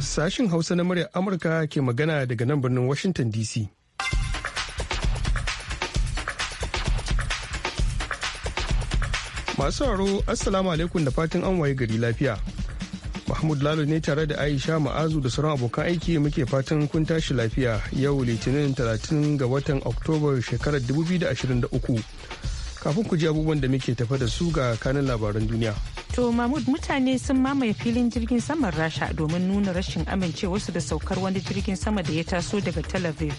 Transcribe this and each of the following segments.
Sashin Hausa na murya Amurka ke magana daga nan birnin Washington DC. Masu haro, Assalamu alaikum da fatan an waye gari lafiya. Mahmud Lalo ne tare da Aisha Ma'azu da sauran abokan aiki muke fatan kun tashi lafiya yau Litinin 30 ga watan oktobar shekarar 2023. Kafin ku ji abubuwan da muke tafa da su ga kanin labaran duniya. To Mahmud mutane sun mamaye filin jirgin saman Rasha domin nuna rashin amincewarsu da saukar wani jirgin sama da ya taso daga Tel Aviv.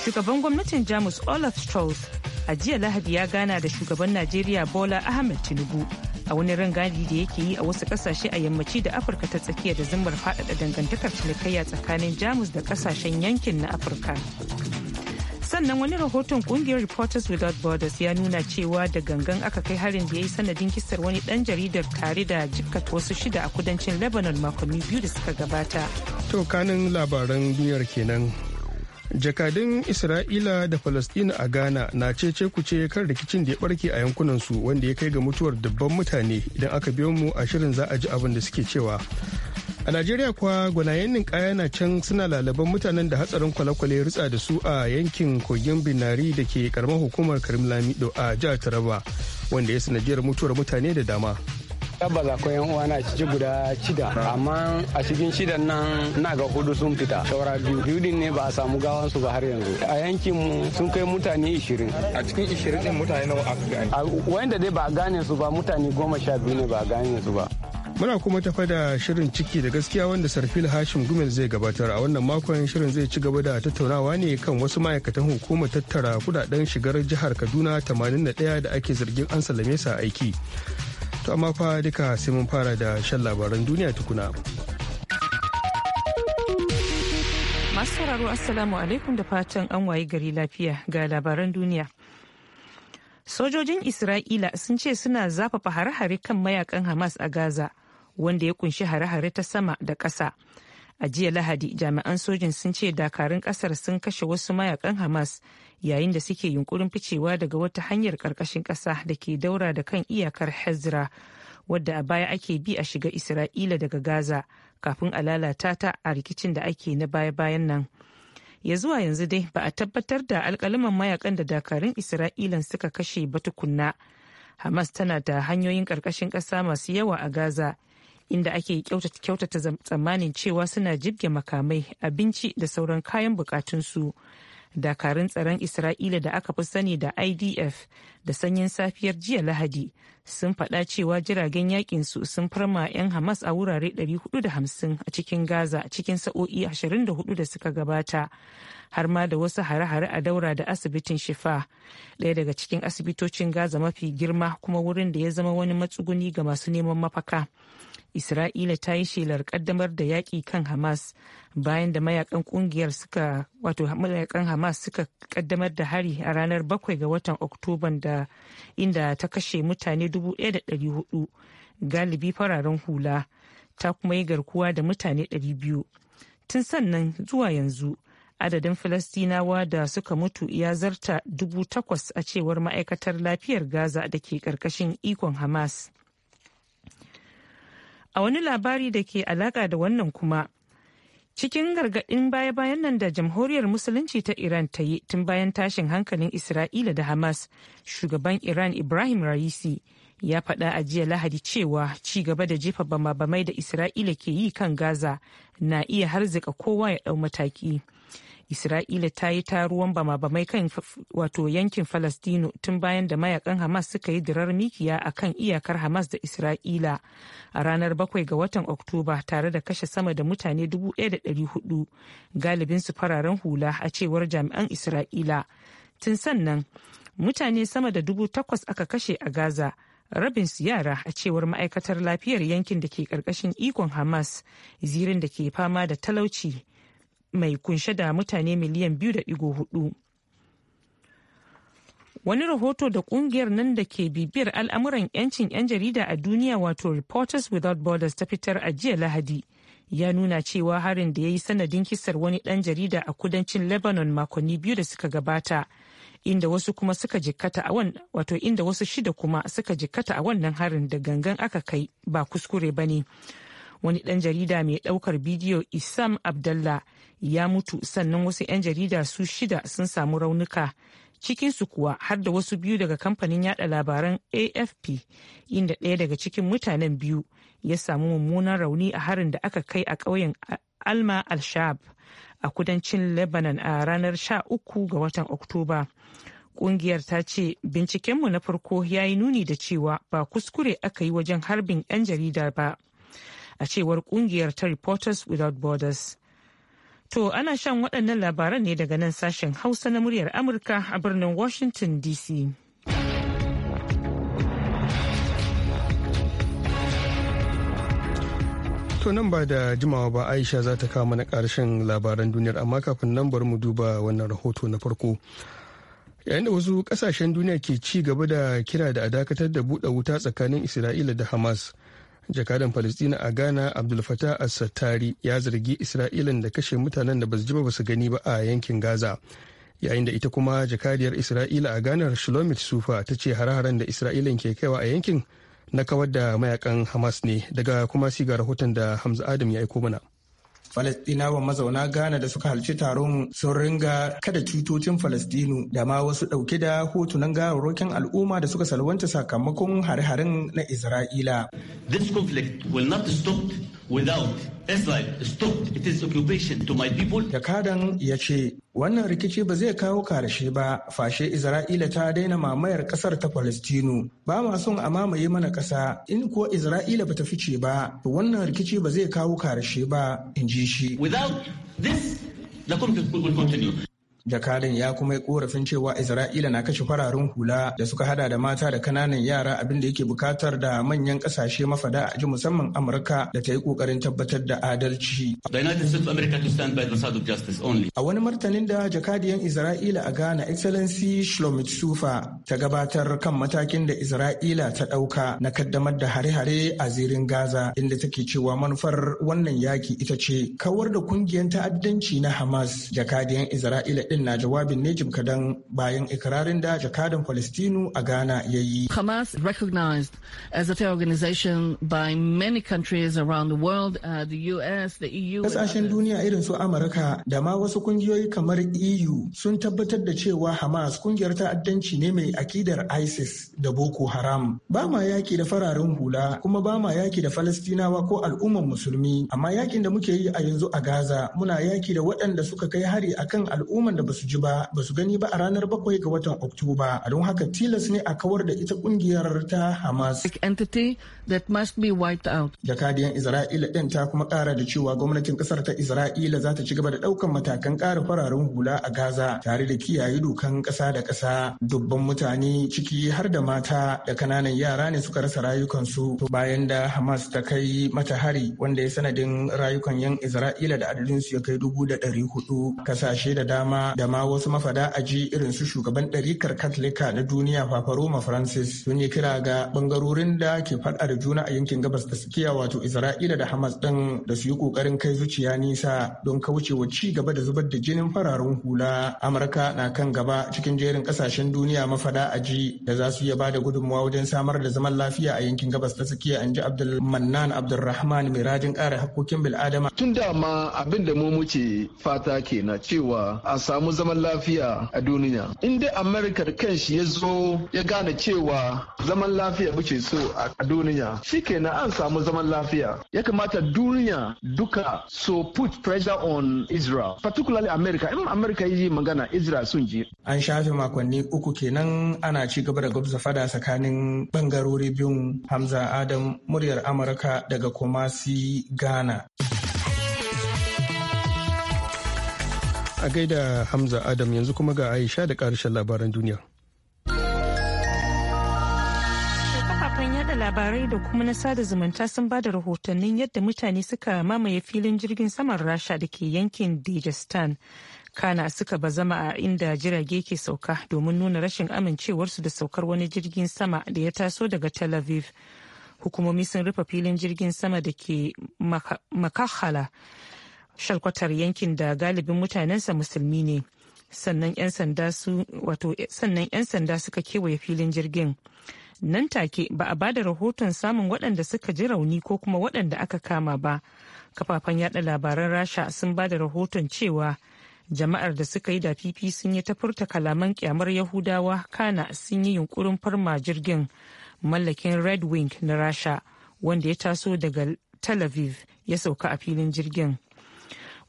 Shugaban gwamnatin Jamus Olaf Scholz a jiya Lahadi ya gana da shugaban Najeriya Bola Ahmed Tinubu. a wani rangadi da yake yi a wasu kasashe a yammaci da afirka ta tsakiya da zimmar faɗaɗa dangantakar cinikayya tsakanin jamus da kasashen yankin na afirka sannan wani rahoton kungiyar reporters without borders ya nuna cewa da gangan aka kai harin da ya yi sanadin kisar wani dan jaridar tare da jikkat wasu shida a kudancin lebanon makonni biyu da suka gabata to kanin labaran duniyar kenan jakadun isra'ila da falastina a ghana na cece kuce kan rikicin da ya barke a yankunansu wanda ya kai ga mutuwar dubban mutane idan aka biyo mu a shirin za a ji abin da suke cewa a najeriya kuwa gwanayen ninkaya na can suna lalaban mutanen da hatsarin kwale-kwale ritsa da su a yankin kogin binari da ke karamar hukumar karim lamido a jihar taraba wanda ya sanadiyar mutuwar mutane da dama tabbas akwai yan uwana a ciki guda shida amma a cikin shidan nan na ga hudu sun fita saura biyu biyu din ne ba a samu gawan su ba har yanzu a yankin mu sun kai mutane 20 a cikin 20 din mutane nawa aka gane wanda dai ba a gane su ba mutane goma sha biyu ne ba a gane su ba Muna kuma tafa da shirin ciki da gaskiya wanda Sarfil Hashim Gumel zai gabatar a wannan makon shirin zai ci gaba da tattaunawa ne kan wasu ma'aikatan hukumar tattara kudaden shigar jihar Kaduna 81 da ake zargin an salame sa aiki. To amma fa duka sai mun fara da shan labaran duniya tukuna. Masu sauraro Assalamu alaikum da fatan an wayi gari lafiya ga labaran duniya. Sojojin Isra'ila sun ce suna zafafa hare-hare kan mayakan Hamas a Gaza wanda ya kunshi hare-hare ta sama da ƙasa. A jiya Lahadi jami'an sojin sun ce dakarun ƙasar sun kashe wasu mayakan Hamas yayin da suke yunkurin ficewa daga wata hanyar ƙarƙashin ƙasa da ke daura da kan iyakar hezra wadda a baya ake bi a shiga isra'ila daga gaza kafin a lalata ta a rikicin da ake na baya-bayan nan ya zuwa yanzu dai ba a tabbatar da alkaliman mayakan da dakarun isra'ilan suka kashe ba tukunna hamas tana da hanyoyin ƙarƙashin ƙasa masu yawa a gaza inda ake kyautata tsammanin cewa suna jibge makamai abinci da sauran kayan bukatunsu. su dakarun tsaron isra'ila da aka fi sani da idf da sanyin safiyar jiya lahadi sun faɗa cewa jiragen yakin su sun farma 'yan hamas a wurare 450 a cikin gaza cikin sa'o'i 24 da suka gabata har ma da wasu hare-hare a daura da asibitin shifa ɗaya daga cikin asibitocin gaza mafi girma kuma wurin da ya zama wani matsuguni ga masu neman mafaka Isra'ila ta yi shelar kaddamar da yaƙi kan Hamas bayan da mayakan kungiyar suka wato mayakan Hamas suka kaddamar da hari a ranar 7 ga watan Oktoban da inda ta kashe mutane 1,400 galibi fararen hula ta kuma yi garkuwa da mutane 200. Tun sannan zuwa yanzu adadin Falastinawa da suka mutu ya zarta 8,000 a cewar ma'aikatar lafiyar Gaza da ke ƙarƙashin ikon Hamas. A wani labari da ke alaka da wannan kuma, cikin gargaɗin baya-bayan nan da jamhuriyar musulunci ta iran ta yi tun bayan tashin hankalin isra'ila da hamas shugaban iran ibrahim raisi ya faɗa a jiya lahadi cewa ci gaba da jefa bama-bamai da isra'ila ke yi kan gaza na iya harzika kowa ya ɗau mataki isra'ila ta yi taruwan bama-bamai kan wato yankin falastino tun bayan da mayakan hamas suka yi dirar mikiya a kan iyakar hamas da isra'ila a ranar bakwai ga watan oktoba tare da kashe sama da mutane 1,400 su fararen hula a cewar jami'an isra'ila tun sannan mutane sama da dubu takwas aka kashe a gaza rabin su yara a cewar ma'aikatar lafiyar yankin da ke karkashin ikon hamas zirin da ke fama da talauci mai kunshe da mutane miliyan da hudu wani rahoto da kungiyar nan da ke bibiyar al'amuran 'yancin 'yan jarida a duniya wato reporters without borders ta fitar a jiya lahadi ya nuna cewa harin da ya yi sanadin kisar wani ɗan jarida a kudancin lebanon makonni biyu da suka gabata inda wasu kuma suka jikkata a wato inda wasu shida kuma suka jikkata a wannan harin da gangan aka kai ba kuskure ba ne wani ɗan jarida mai ɗaukar bidiyo isam abdallah ya mutu sannan wasu 'yan jarida su shida sun samu raunuka cikinsu kuwa har da wasu biyu daga kamfanin yada labaran afp inda ɗaya daga cikin mutanen biyu ya samu mummunan rauni a harin da aka kai a ƙauyen alma al-shab a kudancin lebanon a ranar 13 ga watan oktoba kungiyar ta ce bincikenmu na farko ya yi nuni da cewa ba kuskure aka yi wajen harbin 'yan jarida ba a cewar kungiyar ta Reporters Without Borders. To ana shan waɗannan labaran ne daga nan sashen Hausa na muryar Amurka a birnin Washington DC. To nan ba da jimawa ba Aisha za ta kawo mana ƙarshen labaran duniyar amma kafin nan bar mu duba wannan rahoto na farko. Yayin da wasu ƙasashen duniya ke ci gaba da kira da a dakatar da buɗe wuta tsakanin Isra'ila da Hamas. jakadan palestina a ghana abdulfatah as-sattari ya zargi isra'ilan da kashe mutanen da basu ji ba basu gani ba a yankin gaza yayin da ita kuma jakadiyar isra'ila a ghana shlomit sufa ta ce hare-haren da isra'ilan ke kaiwa a yankin na kawar da mayakan hamas ne daga kuma siga rahoton da hamza adam ya aiko mana Falastinawa mazauna Ghana da suka halci taron sun ringa kada cutocin Falastinu da ma wasu ɗauke da hotunan gawarwakin al'umma da suka salwanta sakamakon hare-haren na Isra'ila. This conflict will not stop without Israel stopped its occupation to my people. Jakadan ya ce wannan rikici ba zai kawo karshe ba fashe Isra'ila ta daina mamayar kasar ta Falastinu ba ma son a mamaye mana kasa in kuwa Isra'ila ba ta fice ba to wannan rikici ba zai kawo karshe ba in ji shi. Without this the conflict will continue. Jakadan ya kuma yi korafin cewa Isra'ila na kashe fararen hula da suka hada da mata da kananan yara abin da yake bukatar da manyan kasashe mafada a ji musamman Amurka da ta yi kokarin tabbatar da adalci. A wani martanin da jakadiyan Isra'ila a Ghana Excellency Shlomit Sufa ta gabatar kan matakin da Isra'ila ta ɗauka na kaddamar da hare-hare a zirin Gaza inda take cewa manufar wannan yaki ita ce kawar da kungiyar ta'addanci na Hamas jakadiyan Isra'ila din na jawabin ne kadan bayan ikirarin da jakadan palestinu a Ghana ya yi. Hamas recognized as a terror organization by many countries around the world, uh, the US, the EU. Kasashen duniya irin su Amurka da ma wasu kungiyoyi kamar EU sun tabbatar da cewa Hamas kungiyar ta'addanci ne mai akidar ISIS da Boko Haram. Ba ma yaki da fararen hula kuma ba ma yaki da Falastinawa ko al'ummar musulmi. Amma yakin da muke yi a yanzu a Gaza muna yaki da waɗanda suka kai hari akan al'ummar da wanda ba su ji ba ba su gani ba a ranar bakwai ga watan Oktoba. A don haka tilas ne a kawar da ita kungiyar ta Hamas. entity that must be wiped out. Jakadiyan Isra'ila ɗin ta kuma ƙara da cewa gwamnatin ƙasar ta Isra'ila za ta ci gaba da ɗaukan matakan ƙara fararen hula a Gaza tare da kiyaye dokan ƙasa da ƙasa. Dubban mutane ciki har da mata da kananan yara ne suka rasa rayukansu bayan da Hamas ta kai mata hari wanda ya sanadin rayukan yan Isra'ila da adadinsu ya kai dubu da ɗari hudu. Kasashe da dama da ma wasu mafada aji irin su shugaban ɗarikar Katolika na duniya Papa Roma Francis sun yi kira ga bangarorin da ke faɗa da juna a yankin gabas da tsakiya wato Isra'ila da Hamas ɗin da su yi ƙoƙarin kai zuciya nisa don wa ci gaba da zubar da jinin fararen hula. Amurka na kan gaba cikin jerin kasashen duniya mafada aji da za su iya ba da gudunmawa wajen samar da zaman lafiya a yankin gabas ta tsakiya an ji Abdul Abdulrahman mai rajin kare hakkokin bil'adama. Tun da ma abin da mu muke fata kenan cewa a samu samu zaman lafiya a duniya in dai da kanshi ya zo ya gane cewa zaman lafiya muke so a duniya shi kenan an samu zaman lafiya ya kamata duniya duka so put pressure on israel particularly america in america yi magana israel sun je. an shafe makonni uku kenan ana ci gaba da gwabza fada tsakanin bangarori biyun hamza adam muryar amurka daga kumasi ghana A gaida Hamza Adam yanzu kuma ga Aisha da ƙarshen labaran duniya. kafafen yada labarai da kuma na sada zumunta sun bada rahotannin yadda mutane suka mamaye filin jirgin saman rasha da ke yankin dagestan kana suka ba zama a inda jirage ke sauka domin nuna rashin amincewarsu da saukar wani jirgin sama da ya taso daga tel aviv hukumomi sun rufe filin jirgin sama da ke makahala shalkwatar yankin da galibin mutanensa musulmi ne sannan 'yan sanda suka kewaye filin jirgin nan take ba a bada rahoton samun waɗanda suka ji rauni ko kuma waɗanda aka kama ba kafafen yada labaran rasha sun bada rahoton cewa jama'ar da suka yi da fifi sun yi ta furta kalaman kyamar yahudawa kana sun yi yunkurin farma jirgin mallakin red wing na rasha wanda ya taso daga tel ya sauka a filin jirgin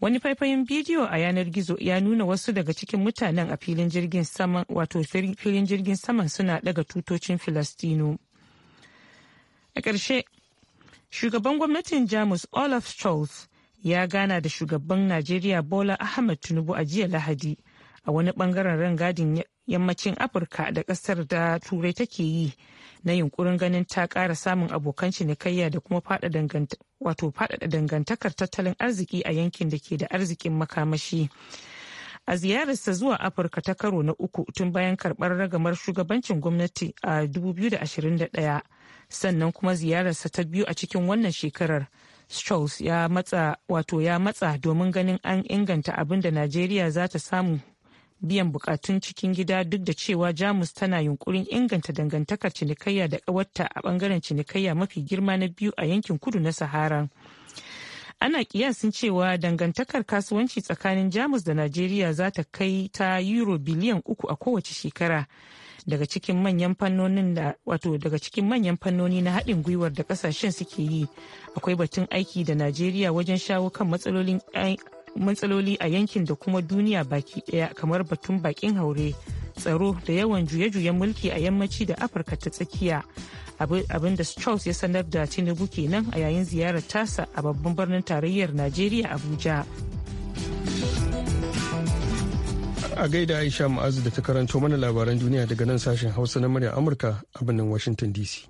wani faifayin bidiyo a yanar gizo ya nuna wasu daga cikin mutanen a filin jirgin saman wato filin jirgin saman suna daga tutocin filastino a ƙarshe shugaban gwamnatin jamus olaf scholz ya gana da shugaban najeriya bola ahmed tinubu a jiya lahadi a wani bangaren rangadin yammacin afirka da ƙasar da turai take yi na yunkurin ganin ta ƙara samun abokan cinikayya da kuma faɗaɗa dangantakar tattalin arziki a yankin da ke da arzikin makamashi. a ziyararsa zuwa afirka ta karo na uku tun bayan karɓar ragamar shugabancin gwamnati a 2021 sannan kuma ziyararsa ta biyu a cikin wannan shekarar strauss ya matsa wato ya matsa domin ganin an inganta abin da najeriya za ta samu biyan bukatun cikin gida duk da cewa jamus tana yunkurin inganta dangantakar cinikayya da kawarta a bangaren cinikayya mafi girma na biyu a yankin kudu na sahara ana kiyasin cewa dangantakar kasuwanci tsakanin jamus da najeriya za ta kai ta euro biliyan uku a kowace shekara daga cikin manyan fannonin da wato daga cikin manyan fannoni na haɗin gwiwar da ƙasashen suke yi akwai batun aiki da najeriya wajen shawo kan matsalolin matsaloli a yankin da kuma duniya baki daya kamar batun bakin haure tsaro da yawan juye-juyen mulki a yammaci da afirka ta tsakiya abin da strauss ya sanar da tinubu kenan a yayin ziyarar tasa a babban birnin tarayyar najeriya abuja a gaida aisha ma'azu da ta karanto mana labaran duniya daga nan sashen hausa na murya amurka a birnin washington dc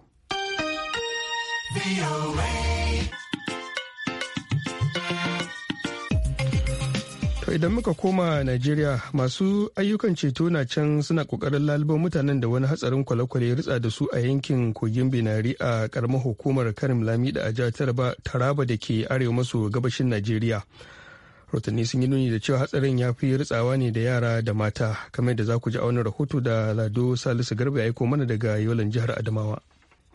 To idan muka koma Najeriya masu ayyukan ceto na can suna kokarin laluban mutanen da wani hatsarin kwale-kwale ya ritsa da su a yankin kogin Binari a karamar hukumar Karim Lamida a jihar Taraba da ke arewa maso gabashin Najeriya. Rotanni sun yi nuni da cewa hatsarin ya fi ritsawa ne da yara da mata kamar da za ku ji a wani rahoto da Lado Salisu Garba ya aiko mana daga Yolan jihar Adamawa.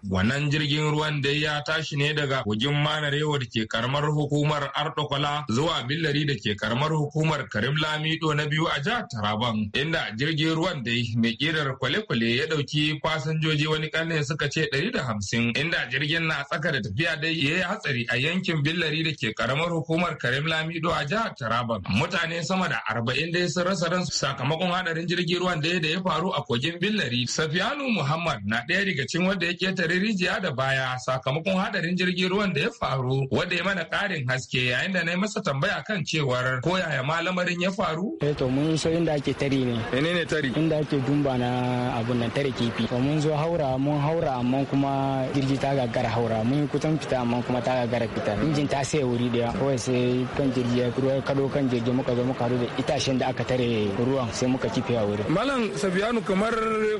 Wannan jirgin ruwan da ya tashi ne daga kogin Manarewa da ke karamar hukumar Ardokola zuwa Billari da ke karamar hukumar Karim Lamido na biyu a jihar Taraban, inda jirgin ruwan dai mai kirar kwale-kwale ya dauki fasinjoji wani karni suka ce ɗari da hamsin. inda jirgin na tsaka da tafiya dai ya yi hatsari a yankin Billari da ke karamar hukumar Karim Lamido a jihar Taraban. Mutane sama da arba'in dai sun rasa ransu sakamakon hadarin jirgin ruwan dai da ya faru a kogin Billari. Safiyanu Muhammad na ɗaya daga cikin wanda ya ketare hadarin rijiya da baya sakamakon hadarin jirgin ruwan da ya faru wanda ya mana karin haske yayin da na yi masa tambaya kan cewar ko yaya ma lamarin ya faru. Eh to mun so inda ake tari ne. Ene ne tari? Inda ake dumba na abun nan tare kifi. To mun zo haura mun haura amma kuma jirgi ta gagara haura mun kutan fita amma kuma ta gagara fita. Injin ta sai wuri daya kawai sai kan jirgi ya ruwa kado kan jirgi muka zo muka haɗu da itacen da aka tare ruwan sai muka kife a wuri. Malam Safiyanu kamar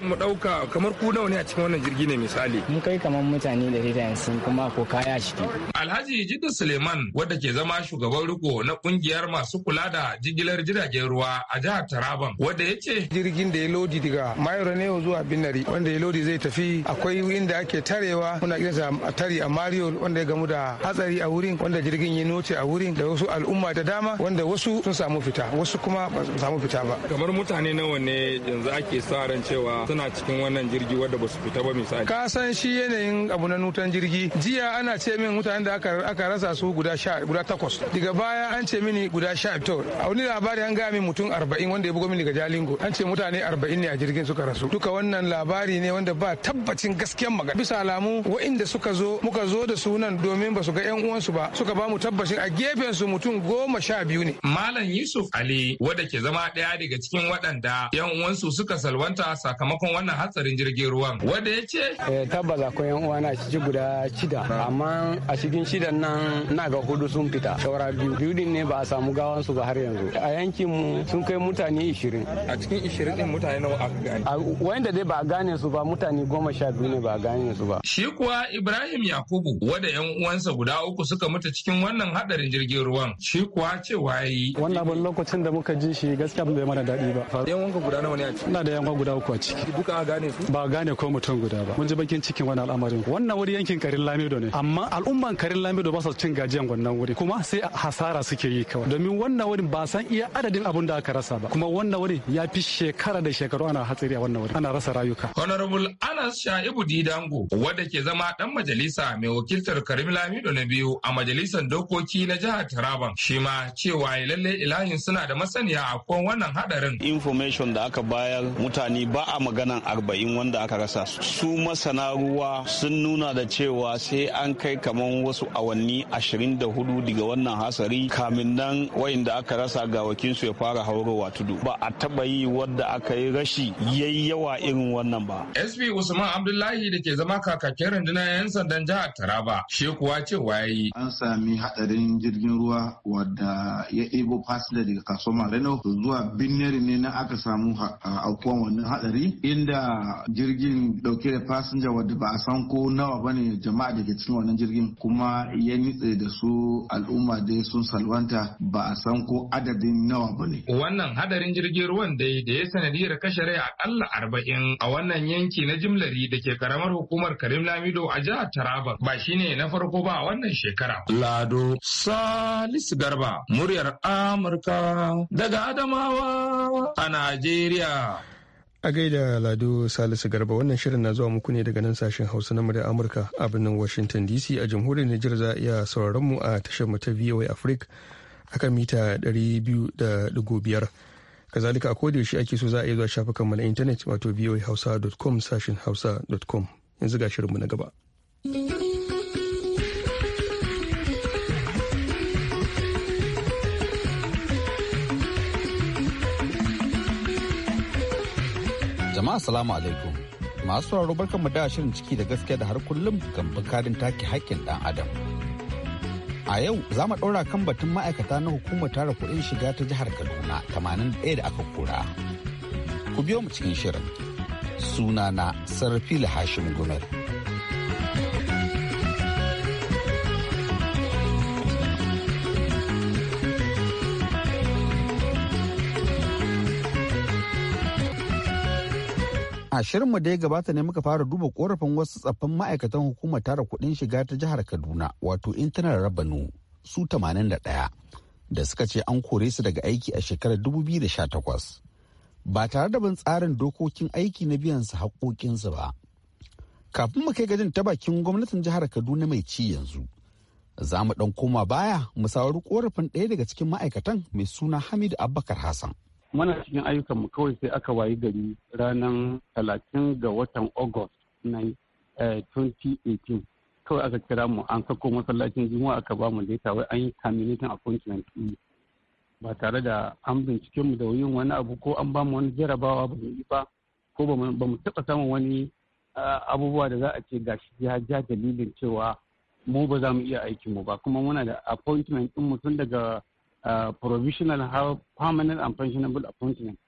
mu ɗauka kamar ku nawa ne a cikin wannan jirgi ne misali. mun kai kamar mutane da rita yanzu kuma ko kaya shi ke. alhaji jidda suleiman wadda ke zama shugaban riko na kungiyar masu kula da jigilar jiragen ruwa a jihar taraban wadda ya ce jirgin da ya lodi daga mayoro ne zuwa binari wanda ya lodi zai tafi akwai inda ake tarewa muna sa a tare a mario wanda ya gamu da hatsari a wurin wanda jirgin ya noce a wurin da wasu al'umma da dama wanda wasu sun samu fita wasu kuma ba su samu fita ba kamar mutane nawa ne yanzu ake sa ran cewa suna cikin wannan jirgi wadda ba su fita ba misali ka san shi shi yanayin abu na nutan jirgi jiya ana ce min mutanen da aka rasa su guda sha guda takwas daga baya an ce mini guda sha to a wani labari an gaya min mutum arba'in wanda ya bugo mini daga jalingo an ce mutane arba'in ne a jirgin suka rasu duka wannan labari ne wanda ba tabbacin gaskiyan magana bisa alamu wa'inda suka zo muka zo da sunan domin ba su ga yan uwansu ba suka ba mu tabbacin a gefen su mutum goma sha biyu ne malam yusuf ali wanda ke zama daya daga cikin waɗanda yan uwansu suka salwanta sakamakon wannan hatsarin jirgin ruwan wanda ya ce eh, class yan uwana a ci guda shida amma a cikin shidan nan na ga hudu sun fita saura biyu biyu din ne ba a samu gawan su ba har yanzu a yankin mu sun kai mutane 20 a cikin 20 din mutane nawa aka gane wanda dai ba a gane su ba mutane goma sha biyu ne ba a gane su ba shi kuwa Ibrahim Yakubu wanda yan uwansa guda uku suka mutu cikin wannan hadarin jirgin ruwan shi kuwa cewa yi wannan abin lokacin da muka ji shi gaskiya bai mana daɗi ba yan wanka guda nawa ne a ciki ina da yan guda uku a ciki duka a gane su ba gane ko mutum guda ba mun ji bakin cikin wani al'amarin wannan wuri yankin karin lamido ne amma al'umman karin lamido ba su cin gajiyan wannan wuri kuma sai hasara suke yi kawai domin wannan wuri ba san iya adadin abun da aka rasa ba kuma wannan wuri ya fi shekara da shekaru ana hatsari a wannan wuri ana rasa rayuka honorable anas sha'ibu didango wanda ke zama dan majalisa mai wakiltar karim lamido na biyu a majalisar dokoki na jihar taraban shi ma cewa lalle ilahin suna da masaniya a kan wannan hadarin information da aka bayar mutane ba a maganan arba'in wanda aka rasa su masana ruwa abubuwa sun nuna da cewa sai an kai kamar wasu awanni 24 daga wannan hasari kamin nan wayanda aka rasa ga wakinsu ya fara haurowa tudu ba a taba yi wadda aka yi rashi yayi yawa irin wannan ba. SP Usman Abdullahi da ke zama kakakin rundunar 'yan sandan jihar Taraba shi kuwa cewa yayi. An sami hadarin jirgin ruwa wadda ya ɗebo fasila daga kasuwar Marino zuwa Binneri ne na aka samu aukuwan wannan hadari inda jirgin dauke da fasinja wadda ba ba a san ko nawa bane jama'a da ke cikin wannan jirgin kuma ya nitse da su al'umma dai sun salwanta ba a san ko adadin nawa bane wannan hadarin jirgin ruwan dai da ya sanadiyar kashe rai akalla arba'in a wannan yanki na jimlari da ke karamar hukumar karim lamido a jihar taraba ba shi ne na farko ba a wannan shekara lado salisu garba muryar amurka daga adamawa a najeriya A gaida Lado Salisu Garba wannan shirin na zuwa muku ne daga nan sashen Hausa na da Amurka a birnin Washington DC a jamhuriyar Nijar za iya sauraron mu a tashar mu ta VOA Africa akan mita 200.5. Kazalika a yaushe ake so za a iya zuwa shafukan mu na intanet wato voahausa.com sashen hausa.com yanzu ga shirinmu na gaba. jama'a salamu alaikum masu sauraro barkan mu da shirin ciki da gaskiya da har kullum kan bukarin take hakkin dan adam a yau za mu ɗaura kan batun ma'aikata na hukumar tara kuɗin shiga ta jihar kaduna 81 da aka kura ku biyo mu cikin shirin sunana sarfila hashim gumel A mu da ya gabata ne muka fara duba korafin wasu tsaffin ma'aikatan hukumar tara kudin shiga ta jihar Kaduna wato intanar rabanu su 81 da suka ce an kore su daga aiki a shekarar 2018 ba tare da bin tsarin dokokin aiki na biyan su haƙoƙinsu ba. Kafin mu kai gajin ta bakin gwamnatin jihar Kaduna mai ci yanzu. Za mu ɗan koma baya mu sauri korafin ɗaya daga cikin ma'aikatan mai suna Hamidu Abubakar Hassan. muna cikin ayyukanmu kawai sai aka wayi gari ranar talatin ga watan august na 2018 eh, kawai aka kira mu an sako masallacin juma'a aka ba mu leta wai an yi terminating appointment ba tare da an bincike mu da yin wani abu ko an ba mu wani jarabawa ba mu yi ba ko ba mu taɓa samun wani ah, abubuwa da za a ce gashi ya ja dalilin cewa mu ba za mu iya aikinmu ba kuma muna da appointment din mu tun daga uh, provisional permanent and pensionable appointment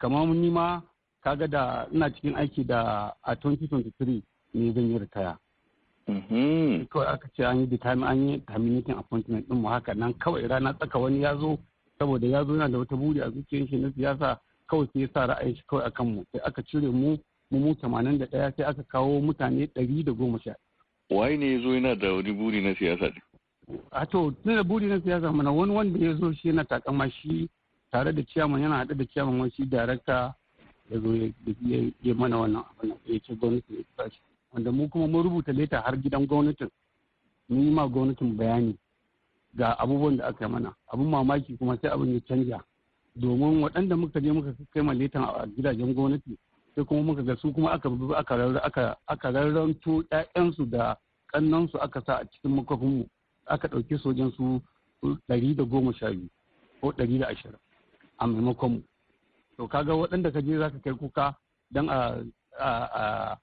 kamar ni ma kaga da ina cikin aiki da a 2023 ne zan yi ritaya mm-hmm. kawai aka ce an yi time an yi terminating appointment din mu haka nan kawai rana tsaka wani ya zo saboda ya zo yana da wata buri a zuciyar shi na siyasa kawai sai ya sa ra'ayin shi kawai akan mu sai aka cire mu mu mu 81 sai aka kawo mutane 110 waye ne ya zo yana da wani buri na siyasa din a to tun da buri na siyasa mana wani wanda ya zo shi yana takama shi tare da ciyaman yana haɗe da ciyaman wani shi darakta ya zo ya mana wannan abin ya ce gwamnati ya shi wanda mu kuma mun rubuta leta har gidan gwamnatin mun yi ma gwamnatin bayani ga abubuwan da aka yi mana abin mamaki kuma sai abin ya canja domin waɗanda muka je muka kai ma leta a gidajen gwamnati sai kuma muka ga su kuma aka aka aka rarranto ƴaƴansu da kannansu aka sa a cikin makwafinmu aka ɗauke su su ɗari da goma sha biyu ko ɗari da ashirin a maimakon mu to kaga waɗanda ka je za ka kai kuka don a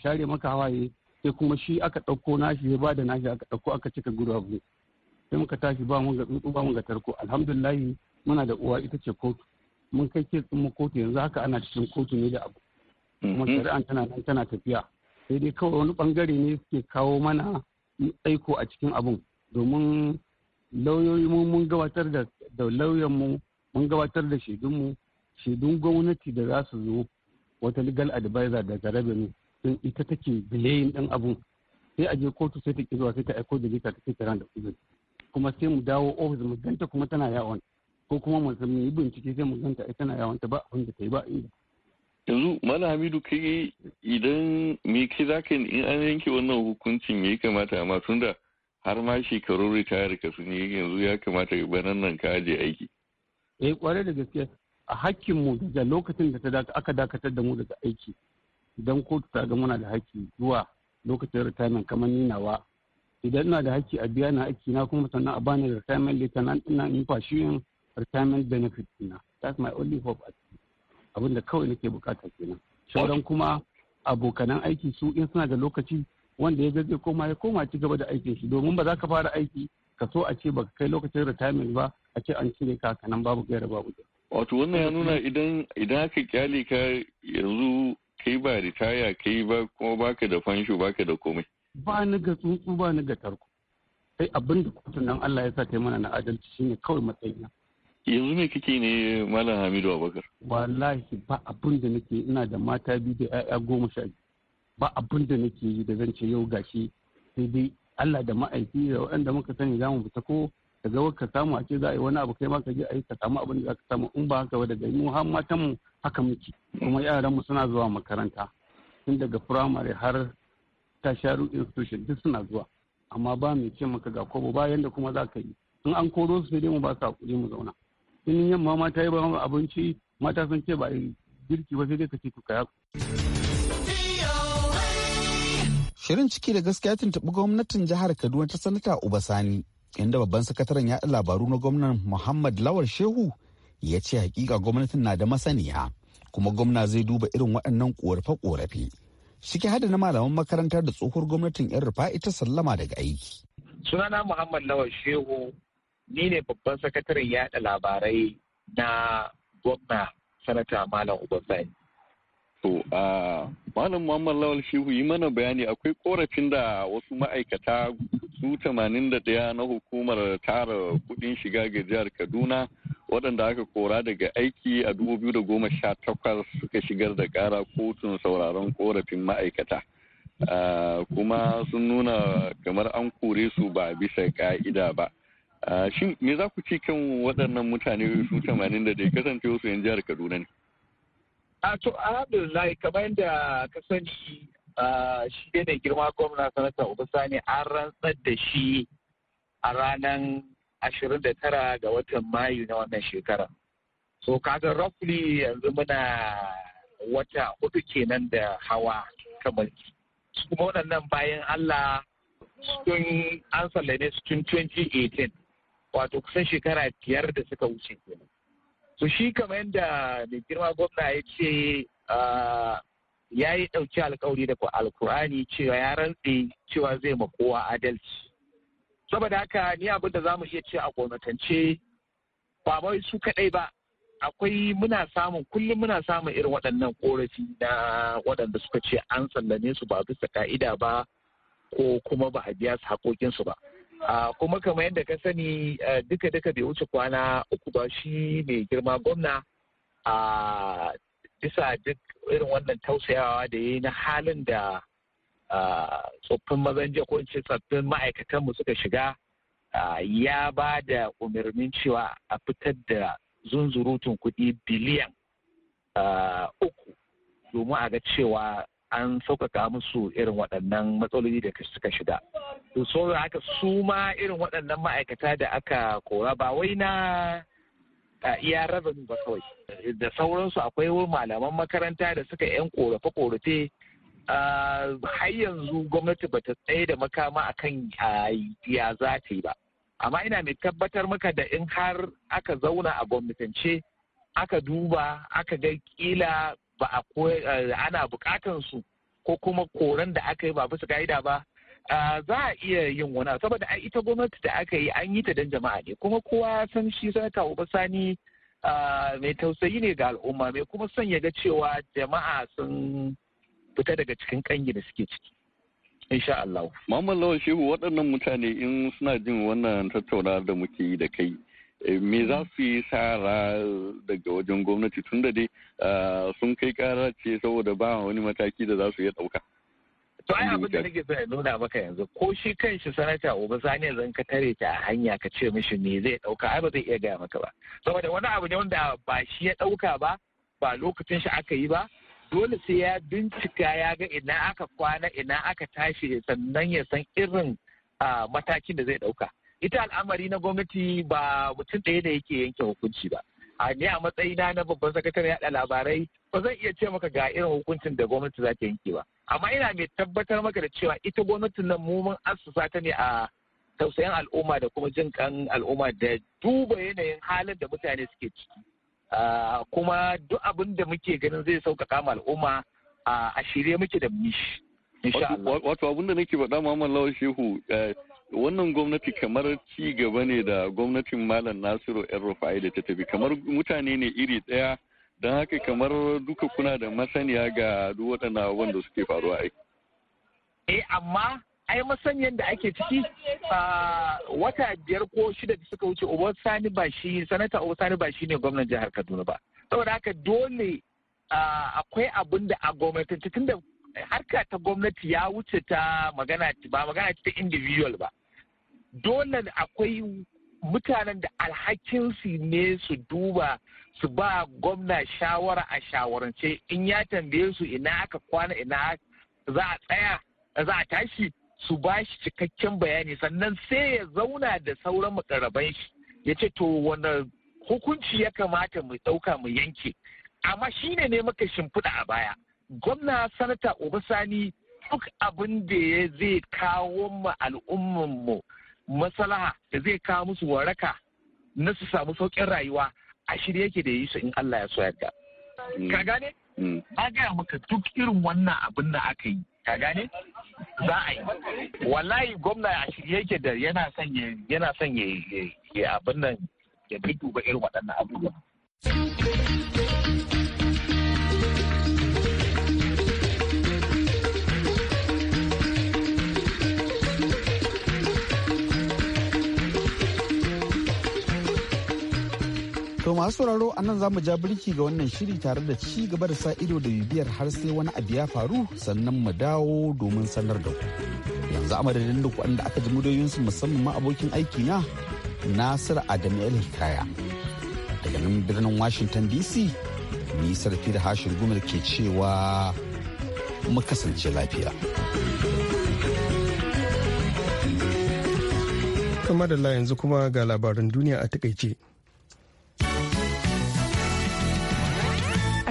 share maka hawaye sai kuma shi aka ɗauko nashi ya ba nashi aka ɗauko aka cika guda biyu sai muka tashi ba mu ga tsuntsu ba mu ga tarko alhamdulillahi muna da uwa ita ce kotu mun kai ke tsumma kotu yanzu haka ana cikin kotu ne da abu mhm. kuma shari'an tana nan tana tafiya sai dai kawai wani bangare ne suke kawo mana aiko a cikin abun domin lauyoyi mun gabatar da lauyanmu mun gabatar da shaidunmu shaidun gwamnati da za su zo wata legal advisor daga rabin sun ita take bilayin ɗan abun sai a je kotu sai ta zuwa sai ta aiko da jita ta kira da kudin kuma sai mu dawo ofis mu ganta kuma tana yawon ko kuma mu yi bincike sai mu ganta ai tana yawon ta ba abin da ta yi ba inda yanzu mana hamidu kai idan me kai zaka in an yanke wannan hukuncin me kamata amma tunda har ma shekaru ritaya ka sun yi yanzu ya kamata ga banan nan ka ajiye aiki. Eh kwarai da gaske a hakkin mu daga lokacin da aka dakatar da mu daga aiki idan kotu ta ga muna da hakki zuwa lokacin retirement kamar nawa idan ina da hakki a biya na aiki na kuma sannan a bani retirement later na ina in yin retirement benefit na that's my only hope at abin da kawai nake bukata kenan sauran kuma abokanan aiki su in suna da lokaci wanda ya zai koma ya koma ci gaba da aikin shi domin ba za ka fara aiki ka so a ce ka kai lokacin retirement ba a ce an cire ka kanan babu gaira babu wato wannan ya nuna idan idan aka kyale ka yanzu kai ba ritaya kai ba kuma baka da fansho baka da komai ba ni ga tsuntsu ba ni ga tarko sai abin da kotun nan Allah ya sa yi mana na adalci shine kawai matsayina yanzu me kake ne malam Hamidu Abubakar wallahi ba abin da nake ina da mata biyu da 'ya'ya goma sha biyu ba abin da nake yi da zan ce yau gashi sai dai Allah da ma'aiki da waɗanda muka sani za mu fita ko daga ka samu a ce za a yi wani abu kai ma ka je a yi ka samu abin da za ka samu in ba haka ba daga mu har matan mu haka muke kuma yaran mu suna zuwa makaranta tun daga firamare har tasharu institution duk suna zuwa amma ba mai ce maka ga kobo ba yanda kuma za ka yi in an koro su sai dai mu ba su hakuri mu zauna in yamma mata yi ba abinci mata sun ce ba girki ba sai dai ka ce to ku. Shirin ciki da gaskiya tuntuɓi gwamnatin jihar Kaduna ta sanata Ubasani inda babban sakataren yaɗa labaru na gwamnan Muhammad Lawal Shehu ya ce hakika gwamnatin na da masaniya kuma gwamna zai duba irin waɗannan korafe-korafe Ciki hada na malaman makarantar da tsohuwar gwamnatin 'yan rufa ita sallama daga aiki. Sunana Muhammad Lawal Shehu ni ne babban sakataren yaɗa labarai na gwamna sanata Malam Ubasani. To, Malam Muhammad Lawal Shehu yi mana bayani akwai korafin da wasu ma'aikata su 81 na hukumar tara kudin shiga ga jihar Kaduna waɗanda aka kora daga aiki a 2018 suka shigar da ƙara kotun sauraron korafin ma'aikata. Kuma sun nuna kamar an kore su ba bisa ka'ida ba. Shin me za ku ce kan waɗannan mutane su 81 kasancewa su 'yan jihar Kaduna ne? A to alhamdulillah kamar yadda ka sani shi ne girma gwamna sanata Sani an rantsar da shi a ranar 29 ga watan Mayu na wannan shekara. So kaga roughly yanzu muna wata hudu kenan da hawa kamar kuma waɗannan bayan Allah sun an sallame su tun 2018 wato kusan shekara biyar da suka wuce kenan. su shi kamar yadda mai girma gwamna ya ce ya yi ɗauki alkawari da alkur'ani cewa ya rantse cewa zai ma kowa adalci saboda haka ni abin da za mu iya ce a gwamnatance ba mai su kaɗai ba akwai muna samun kullum muna samun irin waɗannan ƙorafi na waɗanda suka ce an sallame su ba bisa ka'ida ba ko kuma ba a biya su haƙoƙinsu ba kuma kamar yadda ka sani duka-duka bai wuce kwana uku ba shi mai girma gwamna a bisa duk irin wannan tausayawa da ya yi na halin da tsoffin mazan jakonci ko in tsoffin ma'aikatanmu suka shiga ya ba da umarnin cewa a fitar da zunzurutun kuɗi biliyan uku domin a ga cewa an sauƙaƙa musu irin waɗannan matsaloli da suka shiga. To saboda haka su ma irin waɗannan ma'aikata da aka kora ba wai na iya rabin ba kawai. Da sauransu akwai malaman makaranta da suka 'yan korafe-korafe har yanzu gwamnati ba ta tsaye da makama akan ya za ta yi ba. Amma ina mai tabbatar maka da in har aka zauna a gwamnatance aka duba aka ga kila ba a eh, ana bukatan su ko kuma koran da aka yi ba bisa gaida ba eh, za a iya yin wani saboda a ita gwamnati da aka yi an yi ta don jama'a ne kuma kowa san shi sanata uba sani eh, mai tausayi ne ga al'umma mai kuma son ya ga cewa jama'a sun fita daga cikin kangi da suke ciki insha Allah. Muhammad Lawal Shehu waɗannan mutane in suna jin wannan tattauna da muke yi da kai Eh, me za su yi sara daga wajen gwamnati tun da dai ah, sun kai kara ce saboda ba wani mataki da za su iya ɗauka. To ai abin da nake so ya nuna maka yanzu ko shi kan shi sanata uba sani zan ka tare ta a hanya ka ce mishi me zai ɗauka ai ba zai iya gaya maka ba. Saboda wani abu ne wanda ba shi ya ɗauka ba ba lokacin shi aka yi ba dole sai ya bincika ya ga ina aka kwana ina aka tashi sannan ya san irin ah, matakin da zai ɗauka. ita al'amari na gwamnati ba mutum ɗaya da yake yanke hukunci ba a ni a matsayina na babban sakatare yaɗa labarai ba zan iya ce maka ga irin hukuncin da gwamnati za ta yanke ba amma ina mai tabbatar maka da cewa ita gwamnatin nan mu mun assusa ta ne a tausayin al'umma da kuma jin kan al'umma da duba yanayin halin da mutane suke ciki kuma duk abin da muke ganin zai sauƙaƙa ma al'umma a shirye muke da mishi wato abin da nake faɗa mamman lawal shehu eh, wannan gwamnati kamar ci gaba ne da gwamnatin malam nasiru yan rufai da ta tafi kamar mutane ne iri daya don haka kamar duka kuna da masaniya ga duk waɗanda wanda suke faruwa ai. eh amma ai masaniyan da ake ciki wata biyar ko shida da suka wuce Oban Sani ba shi sanata Oban Sani ba shi ne gwamnan jihar Kaduna ba saboda haka dole akwai abin da a gwamnati da harka ta gwamnati ya wuce ta magana ba magana ta individual ba dole akwai mutanen da alhakinsu ne su duba su ba gwamna shawara a shawarance in ya tambaye su ina aka kwana ina za a tsaya za a tashi su ba shi cikakken bayani sannan sai ya zauna da sauran makaraban shi ya ce to wani hukunci ya kamata mu ɗauka mu yanke amma shine ne maka shimfiɗa a baya gwamna sanata obasani duk abin da zai kawo mu al'ummanmu mu maslaha da zai kawo musu waraka na su samu saukin rayuwa a shirye yake da yi su in Allah ya so yadda. Mm. Ka gane? Ba mm. gaya maka duk irin wannan abin da aka yi. Ka gane? Za a yi. Wallahi gwamna a shirye yake da yana son yana son ya abin nan ya bi duba irin waɗannan abubuwa. To masu sauraro a nan za mu ja birki ga wannan shiri tare da ci gaba da sa ido da bibiyar har sai wani abu ya faru sannan mu dawo domin sanar da ku. Yanzu a madadin ku da aka ji mudoyinsu musamman ma abokin aiki na Nasir Adamu El Hikaya. Daga nan birnin Washington DC, ni sarfi da hashin gumar ke cewa mu kasance lafiya. Kamar da yanzu kuma ga labaran duniya a takaice.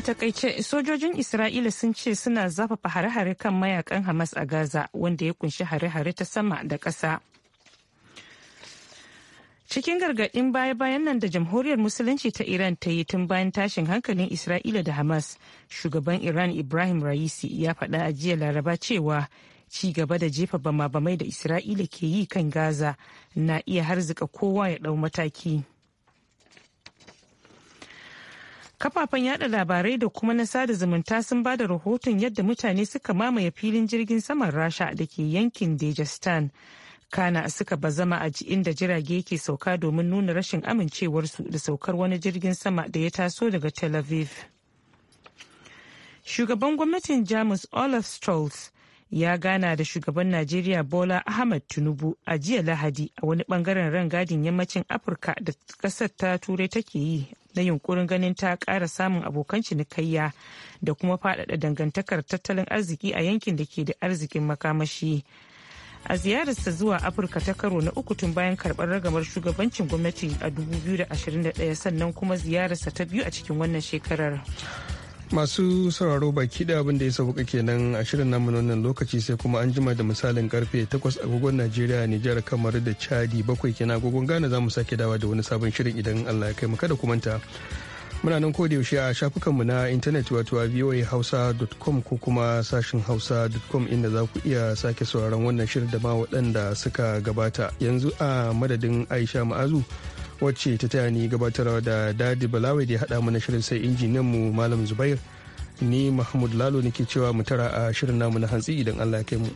takaice sojojin Isra'ila sun ce suna zafafa hare-hare kan mayakan Hamas a Gaza wanda ya kunshi hare-hare ta sama da ƙasa. Cikin gargaɗin baya-bayan nan da jamhuriyar musulunci ta Iran ta yi tun bayan tashin hankalin Isra'ila da Hamas, shugaban Iran Ibrahim Raisi ya faɗa a jiya laraba cewa ci gaba da jefa bama-bamai da Isra'ila ke yi kan Gaza na iya harzika kowa ya ɗau mataki. kafafen yada labarai da kuma na sada zumunta sun ba da rahoton yadda mutane suka mamaye filin jirgin saman rasha da ke yankin dejistan kana suka ba zama a ji inda jirage ke sauka domin nuna rashin amincewarsu da saukar wani jirgin sama da ya taso daga tel aviv shugaban gwamnatin jamus olaf stolz ya gana da shugaban najeriya bola ahmad tinubu a jiya lahadi a wani bangaren rangadin yammacin afirka da kasar ta turai take yi na yunkurin ganin ta ƙara samun abokan cinikayya da kuma faɗaɗa dangantakar tattalin arziki a yankin da ke da arzikin makamashi. a ziyararsa zuwa afirka ta karo na uku tun bayan karɓar ragamar shugabancin gwamnati a 2021 sannan kuma ziyararsa ta biyu a cikin wannan shekarar masu sauraro baki da abin da ya sauka kenan a shirin namu wannan lokaci sai kuma an jima da misalin karfe 8 agogon najeriya nijar kamar da chadi bakwai kenan agogon ghana za mu sake dawa da wani sabon shirin idan allah ya kai mu kada ku manta muna nan ko yaushe a shafukanmu na intanet wato a voahausa.com ko kuma sashin hausa.com inda za ku iya sake sauraron wannan shirin da ma waɗanda suka gabata yanzu a madadin aisha ma'azu wacce ta taya ni gabatarwa da dadi balawai da ya haɗa mana shirin sai injiniyan mu malam zubair ni mahmud lalo nake cewa mu tara a shirin namu na hantsi idan allah ya kai mu.